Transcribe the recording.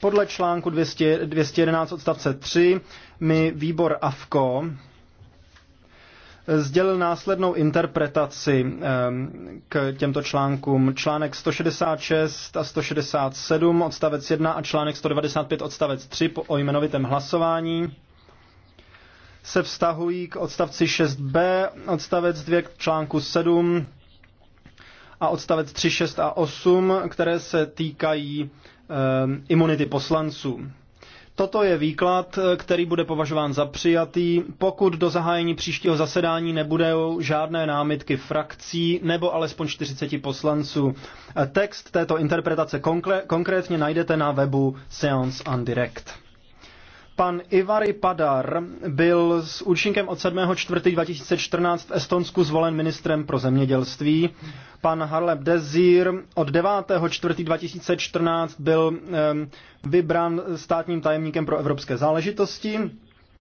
Podle článku 200, 211 odstavce 3 mi výbor AFKO sdělil následnou interpretaci ehm, k těmto článkům. Článek 166 a 167 odstavec 1 a článek 195 odstavec 3 o jmenovitém hlasování se vztahují k odstavci 6b, odstavec 2 k článku 7 a odstavec 3, 6 a 8, které se týkají e, imunity poslanců. Toto je výklad, který bude považován za přijatý, pokud do zahájení příštího zasedání nebudou žádné námitky frakcí nebo alespoň 40 poslanců. Text této interpretace konkrétně najdete na webu Seance on Direct. Pan Ivary Padar byl s účinkem od 7.4.2014 v Estonsku zvolen ministrem pro zemědělství. Pan Harleb Dezir od 9.4.2014 byl ehm, vybrán státním tajemníkem pro evropské záležitosti.